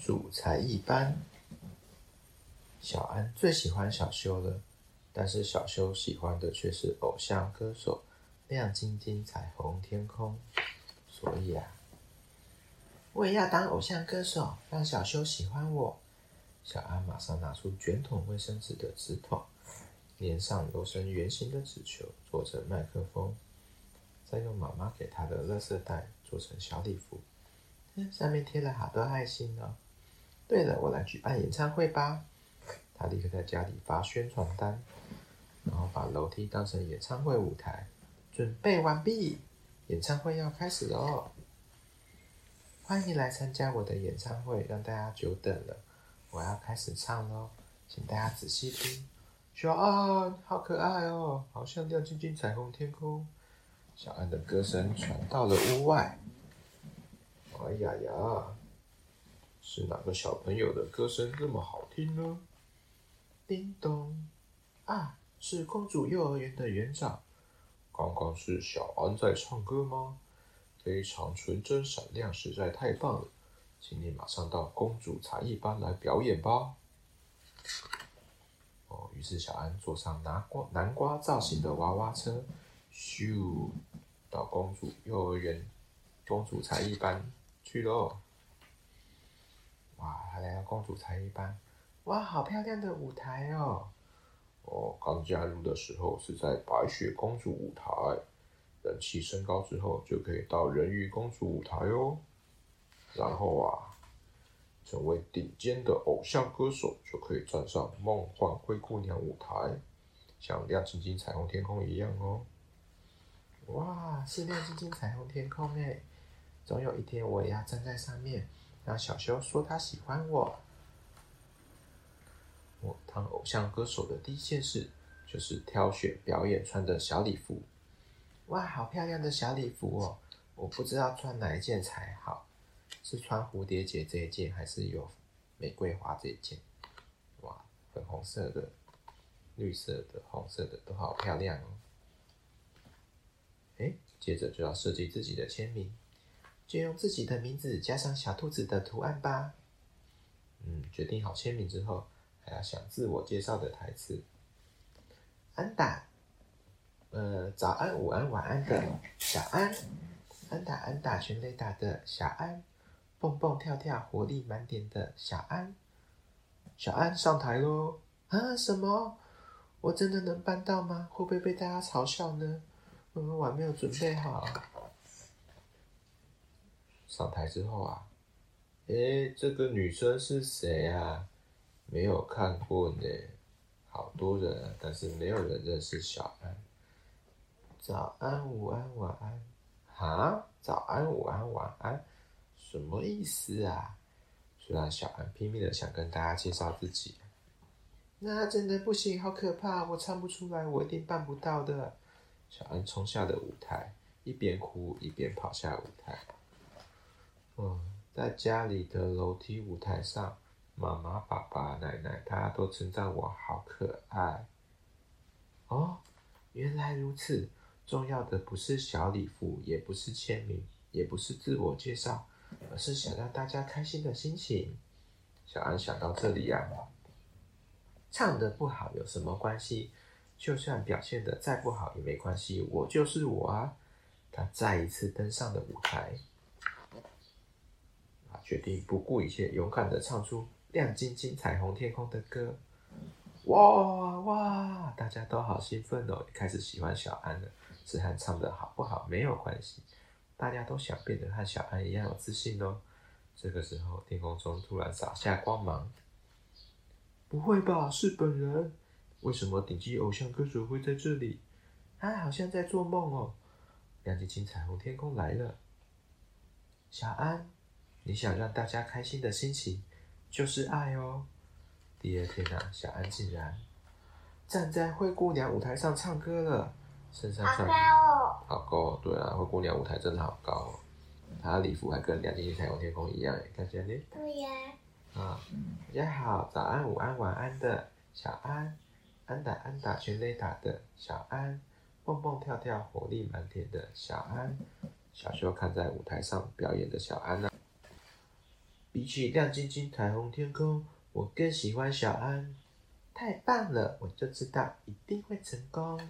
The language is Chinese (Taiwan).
主才藝班。小安最喜歡小修了，但是小修喜歡的卻是偶像歌手亮晶晶彩虹天空，所以啊，我也要當偶像歌手，讓小修喜歡我。小安馬上拿出卷筒衛生紙的紙筒，粘上揉成圓形的紙球，做成麥克風，再用媽媽給他的垃圾袋做成小禮服，上面貼了好多愛心哦。對了，我來舉辦演唱會吧！他立刻在家裡發宣傳單，然後把樓梯當成演唱會舞台。準備完畢，演唱會要開始了！歡迎來參加我的演唱會，讓大家久等了。我要開始唱了，請大家仔細聽。小安，好可愛哦，好像亮晶晶彩虹天空。小安的歌聲傳到了屋外。哎呀呀！是哪個小朋友的歌聲那麼好聽呢？叮咚！啊，是公主幼兒園的園長。剛剛是小安在唱歌嗎？非常純真、閃亮，實在太棒了！請你馬上到公主才藝班來表演吧。哦，於是小安坐上南瓜、南瓜造型的娃娃車，咻，到公主幼兒園公主才藝班去咯。哇，海洋公主才藝班！哇，好漂亮的舞台哦！我、哦、剛加入的時候是在白雪公主舞台，人氣升高之後就可以到人魚公主舞台哦。然後啊，成為頂尖的偶像歌手，就可以站上夢幻灰姑娘舞台，像亮晶晶彩虹天空一樣哦！哇，是亮晶晶彩虹天空哎！總有一天我也要站在上面。那小修說他喜歡我。我、哦、當偶像歌手的第一件事就是挑選表演穿的小禮服。哇，好漂亮的小禮服哦！我不知道穿哪一件才好，是穿蝴蝶結這一件，還是有玫瑰花這一件？哇，粉紅色的、綠色的、紅色的都好漂亮哦。哎、欸，接着就要設計自己的簽名。就用自己的名字加上小兔子的圖案吧。嗯，決定好簽名之後，還要想自我介紹的台詞。安打，呃，早安、午安、晚安的小安，安打、安打，巡雷達的小安，蹦蹦跳跳、活力滿點的小安，小安上台嘍！啊，什麼？我真的能辦到嗎？會不會被大家嘲笑呢？嗯，我還沒有準備好。上台之後啊，哎，這個女生是誰啊？沒有看過呢，好多人啊，但是沒有人認識小安。早安、午安、晚安，哈？早安、午安、晚安，什麼意思啊？雖然小安拼命地想跟大家介紹自己，那真的不行，好可怕，我唱不出來，我一定辦不到的。小安衝下了舞台，一邊哭一邊跑下舞台。在家裡的樓梯舞台上，媽媽、爸爸、奶奶，大家都稱讚我好可愛。哦，原來如此，重要的不是小禮服，也不是簽名，也不是自我介紹，而是想讓大家開心的心情。小安想到這裡呀、啊，唱得不好有什麼關係？就算表現得再不好也沒關係，我就是我啊！他再一次登上了舞台。決定不顧一切，勇敢地唱出亮晶晶彩虹天空的歌。哇哇！大家都好興奮哦，開始喜歡小安了。子涵唱得好不好沒有關係，大家都想變得和小安一樣有自信哦。這個時候，天空中突然灑下光芒。不會吧？是本人？為什麼頂級偶像歌手會在這裡？他、啊、好像在做夢哦。亮晶晶彩虹天空來了，小安。你想讓大家開心的心情，就是愛哦。第二天呢、啊，小安竟然站在灰姑娘舞台上唱歌了，身上穿好高哦，好高、哦！對啊，灰姑娘舞台真的好高哦，她的禮服還跟梁靜茹《彩虹天空》一樣哎，感謝你。對呀。啊，大家好，早安、午安、晚安的小安，安打安打全壘打的小安，蹦蹦跳跳、活力滿天的小安，小時候看在舞台上表演的小安呢、啊？比起亮晶晶彩虹天空，我更喜歡小安。太棒了，我就知道一定會成功。